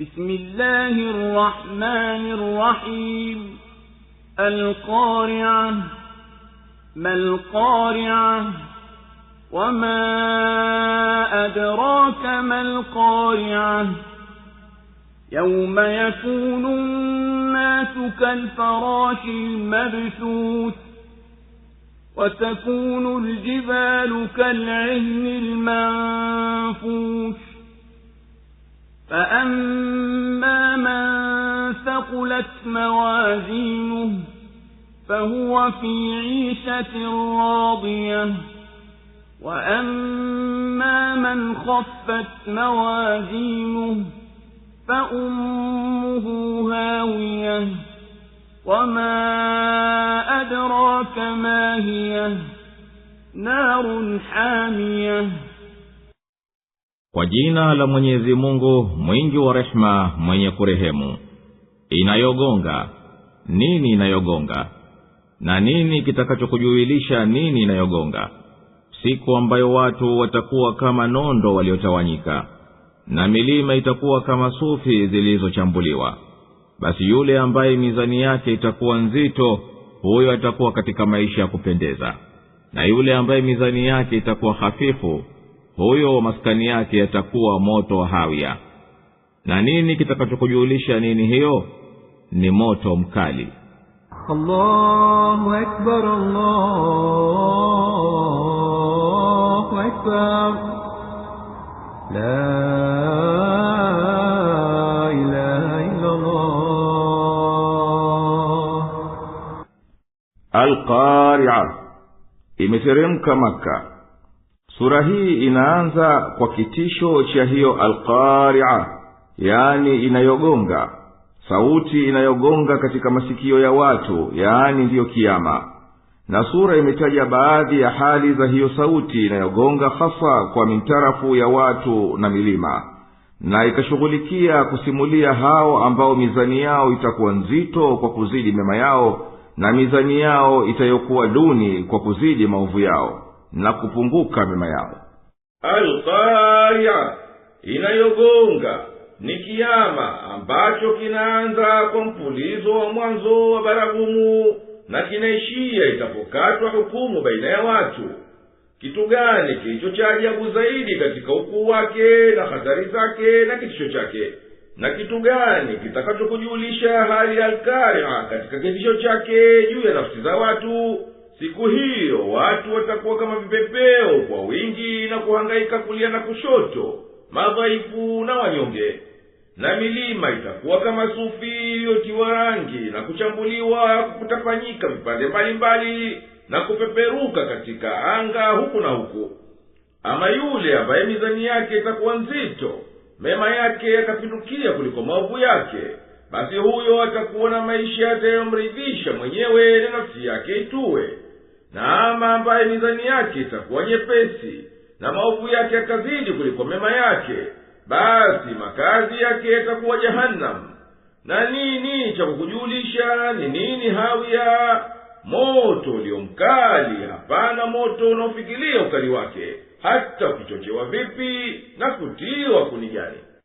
بسم الله الرحمن الرحيم القارعة ما القارعة وما أدراك ما القارعة يوم يكون الناس كالفراش المبثوث وتكون الجبال كالعهن المنفوش فأما ثقلت موازينه فهو في عيشة راضية وأما من خفت موازينه فأمه هاوية وما أدراك ما هي نار حامية Kwa jina la Mwenyezi Mungu mwingi wa rehema mwenye kurehemu inayogonga nini inayogonga na nini kitakachokujuilisha nini inayogonga siku ambayo watu watakuwa kama nondo waliotawanyika na milima itakuwa kama sufi zilizochambuliwa basi yule ambaye mizani yake itakuwa nzito huyo atakuwa katika maisha ya kupendeza na yule ambaye mizani yake itakuwa hafifu huyo maskani yake yatakuwa moto wa hawia na nini kitakachokujulisha nini hiyo ni moto mkali Alqaria imeteremka Maka. Sura hii inaanza kwa kitisho cha hiyo Alqaria yaani inayogonga sauti inayogonga katika masikio ya watu yaani ndiyo kiama na sura imetaja baadhi ya hali za hiyo sauti inayogonga hasa kwa mintarafu ya watu na milima na ikashughulikia kusimulia hao ambao mizani yao itakuwa nzito kwa kuzidi mema yao na mizani yao itayokuwa duni kwa kuzidi maovu yao na kupunguka mema yao alqaria inayogonga ni kiama ambacho kinaanza kwa mpulizo wa mwanzo wa baragumu na kinaishia itapokatwa hukumu baina ya watu kitu gani kilicho cha ajabu zaidi katika ukuu wake na hatari zake na kitisho chake na kitu gani kitakachokujulisha hali ya alkaria katika kitisho chake juu ya nafsi za watu siku hiyo watu watakuwa kama vipepeo kwa wingi na kuhangaika kulia na kushoto madhaifu na wanyonge na milima itakuwa kama sufi iliyotiwa rangi na kuchambuliwa kutafanyika vipande mbalimbali na kupeperuka katika anga huku na huku ama yule ambaye mizani yake itakuwa nzito mema yake yakapindukia kuliko maovu yake basi huyo atakuwa na maisha yatayomridhisha mwenyewe na nafsi yake ituwe na ama ambaye mizani yake itakuwa nyepesi na maovu yake yakazidi kuliko mema yake basi makazi yake yatakuwa jahannam na nini cha kukujulisha ni nini hawiya moto ulio mkali hapana moto unaofikilia ukali wake hata ukichochewa vipi na kutiwa kunijani